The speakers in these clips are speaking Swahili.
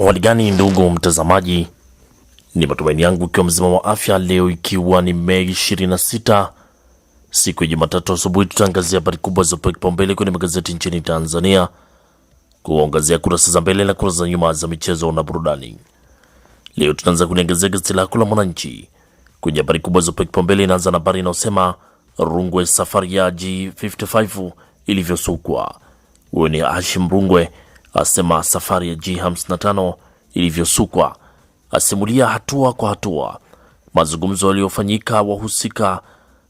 Habari gani ndugu mtazamaji, ni matumaini yangu ikiwa mzima wa afya leo, ikiwa ni Mei 26 siku ya Jumatatu asubuhi, tutaangazia habari kubwa zilizopewa kipaumbele kwenye magazeti nchini Tanzania, kuangazia kurasa za mbele na kurasa za nyuma za michezo na burudani. Leo tutaanza kuliangazia gazeti lako la Mwananchi kwenye habari kubwa zilizopewa kipaumbele. Inaanza na habari inayosema Rungwe safari ya G55 ilivyosukwa. Huyo ni Hashim Rungwe asema safari ya G55 ilivyosukwa, asimulia hatua kwa hatua mazungumzo yaliyofanyika, wahusika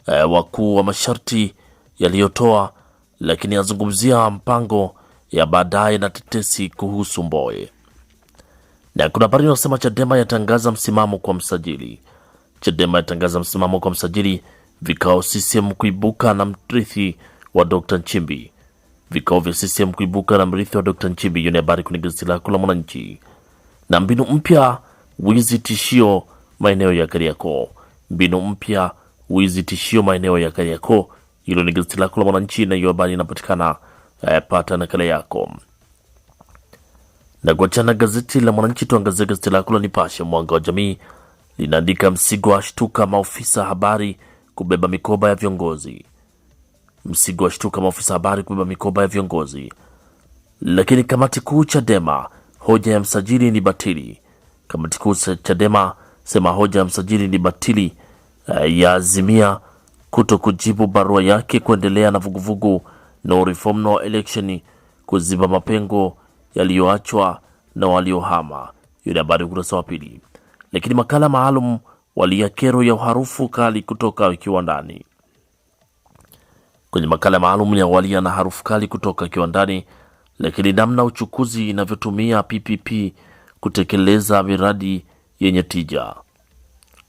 e, wakuu wa masharti yaliyotoa, lakini azungumzia mpango ya baadaye na tetesi kuhusu Mboe. Na kuna habari inasema Chadema yatangaza msimamo kwa msajili. Chadema yatangaza msimamo kwa msajili, vikao CCM kuibuka na mrithi wa Dr. Nchimbi vikao vya CCM kuibuka na mrithi wa Dr. Nchimbi. Hiyo ni habari kwenye gazeti lako la Mwananchi. Na mbinu mpya wizi tishio maeneo ya Kariakoo, mbinu mpya wizi tishio maeneo ya Kariakoo. Hilo ni gazeti lako la Mwananchi na hiyo habari inapatikana eh, pata nakala yako. Na kuachana gazeti la Mwananchi, tuangazie gazeti lako la Nipashe mwanga wa jamii linaandika Msigwa ashtuka maofisa habari kubeba mikoba ya viongozi Msigi washtuka maafisa habari kubeba mikoba ya viongozi. Lakini kamati kuu Chadema, hoja ya msajili ni batili. Kamati kuu Chadema sema hoja ya msajili ni batili, eh, ya azimia kuto kujibu barua yake, kuendelea na vuguvugu no reform no election, kuziba mapengo yaliyoachwa na waliohama. Hiyo ni habari ukurasa wa pili. Lakini makala maalum walia kero ya uharufu kali kutoka kiwandani kwenye makala maalum ya walia na harufu kali kutoka kiwandani, lakini namna uchukuzi inavyotumia PPP kutekeleza miradi yenye tija.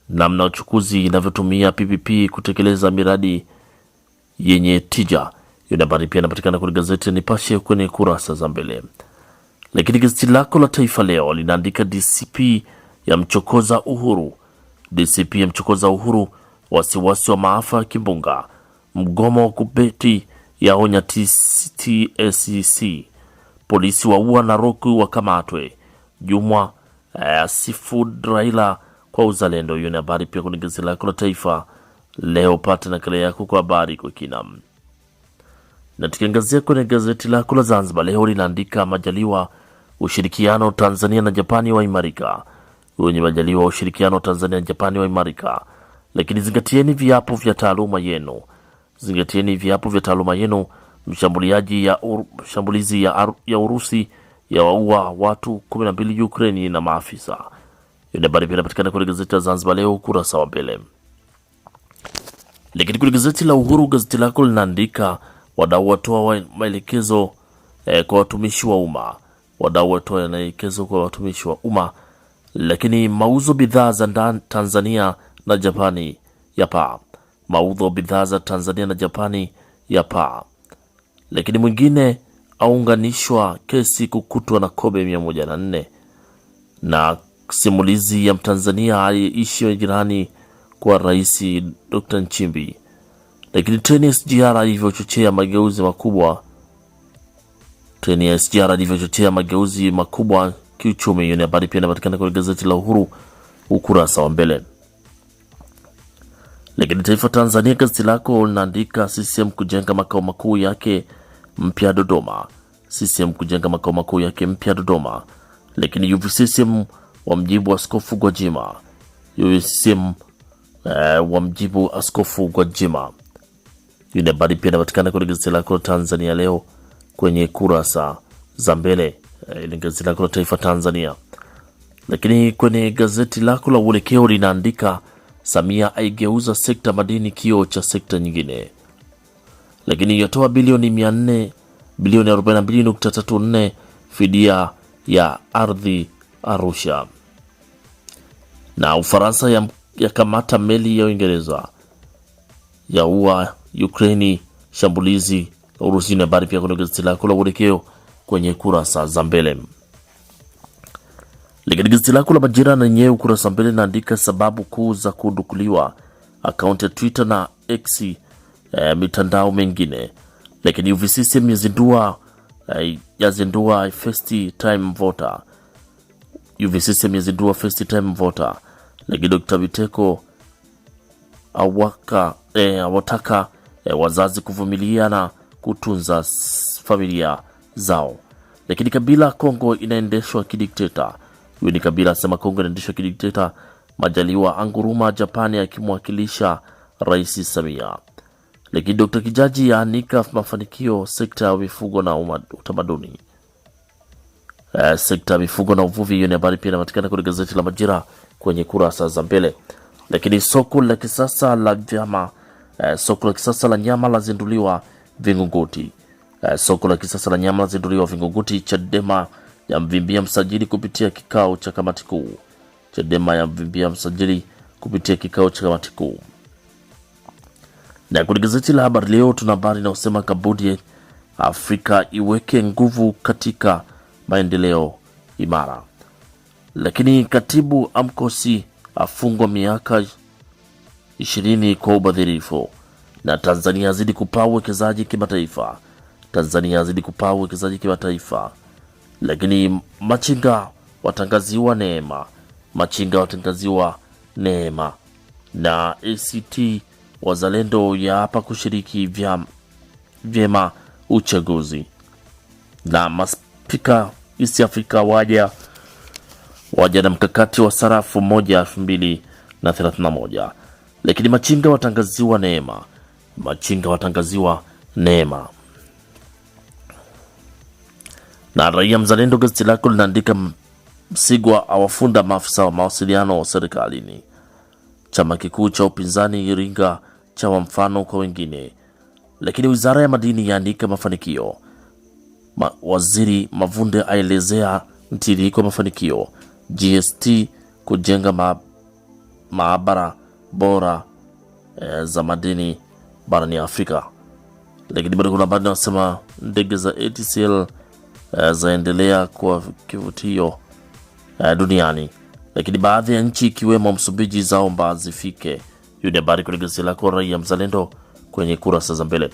Namna uchukuzi inavyotumia PPP kutekeleza miradi yenye tija. Hiyo habari pia inapatikana kwenye gazeti ya Nipashe kwenye kurasa za mbele. Lakini gazeti lako la Taifa Leo linaandika DCP ya mchokoza Uhuru, DCP ya mchokoza Uhuru, wasiwasi wa maafa ya kimbunga Mgomo wa ya onya TSCC, Polisi wa waua Naroku wakamatwe. Jumwa eh, asifu Raila kwa uzalendo. Hiyo ni habari pia kwenye gazeti lako la Taifa Leo. Pata nakala yako kwa habari kwa kina. Na tukiangazia kwenye gazeti lako la Zanzibar Leo linaandika Majaliwa, ushirikiano Tanzania na Japani waimarika. Wenye Majaliwa, ushirikiano Tanzania na Japani waimarika, lakini zingatieni viapo vya taaluma yenu Zingatieni viapo vya taaluma yenu. Mshambuliaji ya ur, shambulizi ya, ar, ya Urusi ya waua watu 12 Ukraini na maafisa. Hiyo habari pia inapatikana kwenye gazeti la Zanzibar Leo ukurasa wa mbele. Lakini kwenye gazeti la Uhuru, gazeti lako linaandika wadau watoa wa maelekezo eh, kwa watumishi wa umma. Wadau watoa maelekezo kwa watumishi wa umma. Lakini mauzo bidhaa za ndani Tanzania na Japani yapaa mauzo bidhaa za Tanzania na Japani ya paa, lakini mwingine aunganishwa kesi kukutwa na kobe 104 na simulizi ya Mtanzania aliyeishi jirani kwa Rais Dr. Nchimbi, lakini treni ya SGR ilivyochochea mageuzi makubwa treni ya SGR ilivyochochea mageuzi makubwa kiuchumi. Hiyo ni habari pia inapatikana kwenye gazeti la Uhuru ukurasa wa mbele. Lakini Taifa Tanzania gazeti lako linaandika CCM kujenga makao makuu yake mpya Dodoma. CCM kujenga makao makuu yake mpya Dodoma. Lakini UVCCM wa mjibu Askofu Gwajima. UVCCM eh, wa mjibu Askofu Gwajima. Hii habari pia inapatikana kwenye gazeti lako Tanzania leo kwenye kurasa za mbele eh, ile gazeti lako la Taifa Tanzania. Lakini kwenye gazeti lako la Uelekeo linaandika Samia aigeuza sekta madini kio cha sekta nyingine, lakini yatoa bilioni 400 bilioni 42.34 fidia ya ardhi Arusha. Na Ufaransa ya, ya kamata meli ya Uingereza ya ua Ukraini shambulizi Urusi. Ni habari pia kwenye gazeti lako la Uelekeo kwenye kurasa za mbele. Lakini gazeti lako la Majira na yenyewe ukurasa mbele inaandika sababu kuu za kudukuliwa akaunti ya Twitter na X eh, mitandao mengine. Lakini UVCCM yazindua e, eh, yazindua first time voter. UVCCM yazindua first time voter. Lakini Dr. Biteko awaka eh, awataka eh, wazazi kuvumilia na kutunza familia zao. Lakini kabila Kongo inaendeshwa kidikteta. Yuni Kabila asema Kongo inaendeshwa kidikteta. Majaliwa anguruma Japani akimwakilisha Rais Samia. Lakini Dr. Kijaji yaanika mafanikio sekta ya mifugo na utamaduni. Uh, sekta ya mifugo na uvuvi. Hiyo ni habari pia inapatikana kwenye gazeti la Majira kwenye kurasa za mbele. Lakini soko la kisasa la vyama, uh, eh, soko la kisasa la nyama lazinduliwa Vingunguti. Uh, soko la kisasa la nyama lazinduliwa Vingunguti. Chadema yamvimbia msajili kupitia kikao cha kamati kuu. Chadema yamvimbia msajili kupitia kikao cha kamati kuu. Na kwenye gazeti la Habari Leo tuna habari inayosema kabudi Afrika iweke nguvu katika maendeleo imara. Lakini katibu amkosi afungwa miaka ishirini kwa ubadhirifu. Na Tanzania azidi kupaa uwekezaji kimataifa. Tanzania azidi kupaa uwekezaji kimataifa lakini machinga watangaziwa neema, machinga watangaziwa neema. Na ACT Wazalendo yaapa kushiriki vyema uchaguzi, na maspika East Africa waja waja na mkakati wa sarafu moja elfu mbili na thelathini na moja, lakini machinga watangaziwa neema, machinga watangaziwa neema. Na Raia Mzalendo, gazeti lako linaandika Msigwa awafunda maafisa wa mawasiliano wa serikalini. Chama kikuu cha upinzani Iringa cha wa mfano kwa wengine, lakini wizara ya madini yaandika mafanikio. Ma, waziri Mavunde aelezea mtiririko mafanikio GST kujenga ma, maabara bora e, za madini barani Afrika. Lakini bado kuna baadhi wanasema ndege za ATCL Eh, zaendelea kuwa kivutio uh, duniani, lakini baadhi ya nchi ikiwemo Msumbiji zaomba zifike. Hiyo ni habari kwenye gazeti lako Raia Mzalendo kwenye kurasa za mbele.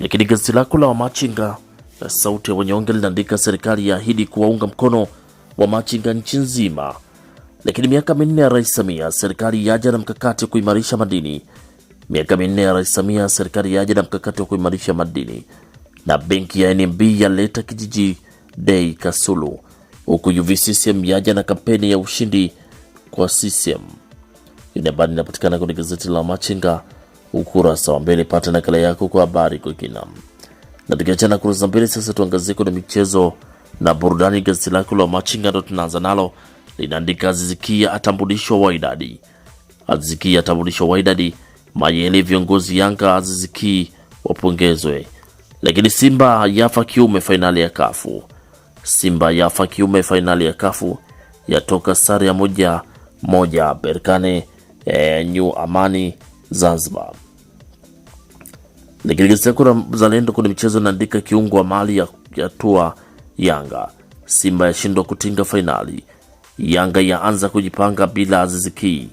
Lakini gazeti lako la Wamachinga eh, Sauti ya Wanyonge linaandika serikali yaahidi kuwaunga mkono wamachinga nchi nzima. Lakini miaka minne ya Rais Samia, serikali yaja na mkakati wa kuimarisha madini. Miaka minne ya Rais Samia, serikali yaja na mkakati wa kuimarisha madini. Na benki ya NMB yaleta kijiji Dei Kasulu, huku UVCCM yaja na kampeni ya ushindi kwa CCM. Hii habari inapatikana kwenye gazeti la Machinga ukurasa wa mbele. Pata nakala yako kwa habari kwa kina. Na tukiachana kurasa mbele, sasa tuangazie kwenye michezo na burudani. Gazeti lako la Machinga ndo tunaanza nalo, linaandika Azizikia atambulishwa Waidadi. Azizikia atambulishwa Waidadi. Mayele viongozi Yanga Aziziki wapongezwe, lakini Simba yafa kiume fainali ya Kafu. Simba yafa kiume fainali ya kafu yatoka sare ya moja moja Berkane e, New Amani Zanzibar. Nikirigizia kura Zalendo kwenye michezo inaandika kiungo wa mali ya, ya tua Yanga. Simba yashindwa kutinga fainali. Yanga yaanza kujipanga bila Aziziki.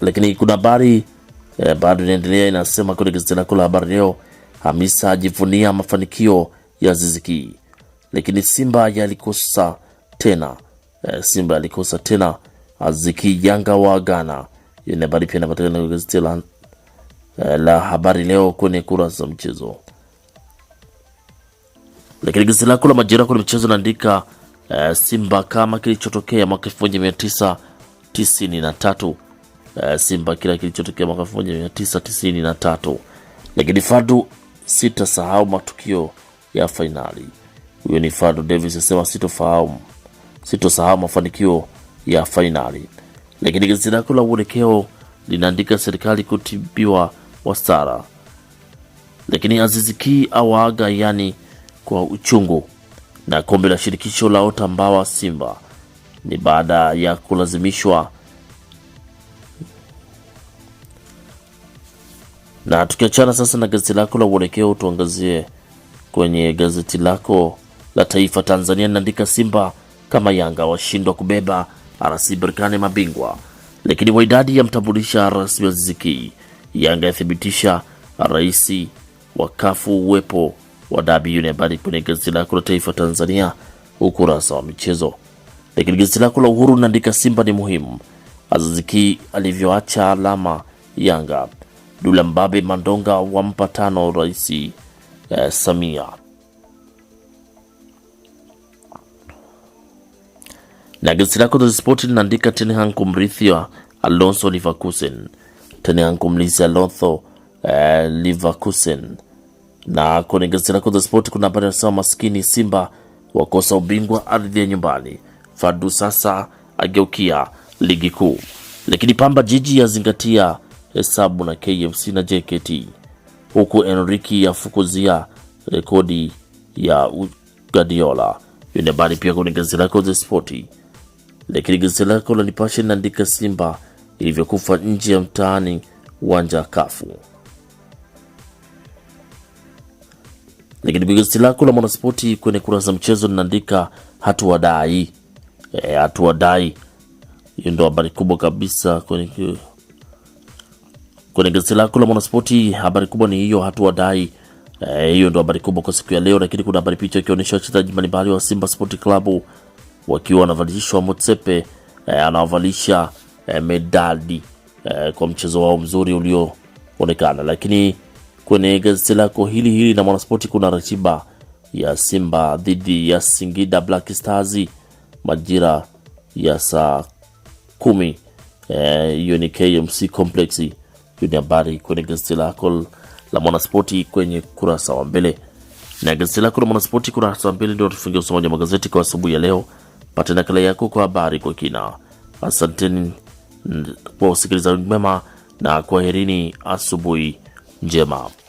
Lakini kuna habari E, bado inaendelea inasema kwenye gazeti lako la habari leo, Hamisa ajivunia mafanikio ya Ziziki, lakini Simba yalikosa tena e, Simba yalikosa tena Aziki Yanga wa Ghana. Hiyo ni habari pia inapatikana kwenye gazeti la, eh, la habari leo kwenye kurasa za mchezo. Lakini gazeti lako la Majira kwenye mchezo naandika e, Simba kama kilichotokea mwaka elfu moja mia tisa tisini na 1993 uh, Simba kila kilichotokea mwaka 1993, lakini Fadu sitasahau matukio ya fainali. Huyo ni Fadu Davis asema sitofahau sitosahau mafanikio ya fainali. Lakini gazeti lako la Uelekeo linaandika serikali kutibiwa wasara lakini Aziziki awaaga yani kwa uchungu, na kombe la shirikisho la ota mbawa Simba ni baada ya kulazimishwa Na tukiachana sasa na gazeti lako la Uelekeo, tuangazie kwenye gazeti lako la Taifa Tanzania linaandika Simba kama Yanga washindwa kubeba RC Berkane mabingwa, lakini Waidadi yamtambulisha rasmi Aziz Yanga yathibitisha rais wa kafu uwepo wa dabi. Hiyo habari kwenye gazeti lako la Taifa Tanzania ukurasa wa michezo. Lakini gazeti lako la Uhuru linaandika Simba ni muhimu, Aziziki alivyoacha alama Yanga Dulambabe Mandonga wampa tano Rais eh, Samia. Na gazeti lako The Sport linaandika Tenhan kumrithi Alonso Leverkusen. Tenhan kumlizia Alonso eh, Leverkusen. Na kwenye gazeti lako The Sport kuna habari nasema maskini Simba wakosa ubingwa ardhi ya nyumbani. Fadu sasa ageukia ligi kuu, lakini Pamba Jiji yazingatia Hesabu na KMC na JKT, huku Enrique fukuzia rekodi ya Guardiola. Hiyo ni habari pia kwenye gazeti lako The Sport. Lakini gazeti lako la Nipashe linaandika Simba ilivyokufa nje ya mtaani uwanja Kafu. Lakini gazeti lako la Mwanaspoti kwenye kurasa za mchezo linaandika hatuwadai, e, eh, hatuwadai. Hiyo ndo habari kubwa kabisa kwenye Kwenye gazeti lako la Mwanaspoti, habari kubwa ni hiyo hatua dai eh, hiyo. E, ndo habari kubwa kwa siku ya leo, lakini kuna habari picha ikionyesha wachezaji mbalimbali wa Simba Sport Club wakiwa wanavalishwa Motsepe e, anawavalisha e, medali e, kwa mchezo wao mzuri ulioonekana. Lakini kwenye gazeti lako hili hili na Mwanaspoti kuna ratiba ya Simba dhidi ya Singida Black Stars majira ya saa kumi hiyo e, ni KMC Complex hiyo ni habari kwenye gazeti lako la Mwanaspoti kwenye kurasa wa mbele, na gazeti lako la Mwanaspoti kurasa wa mbele ndio tufungia usomaji wa magazeti kwa asubuhi ya leo. Pata nakala yako kwa habari kwa kina. Asanteni kwa usikilizaji mwema na kwaherini, asubuhi njema.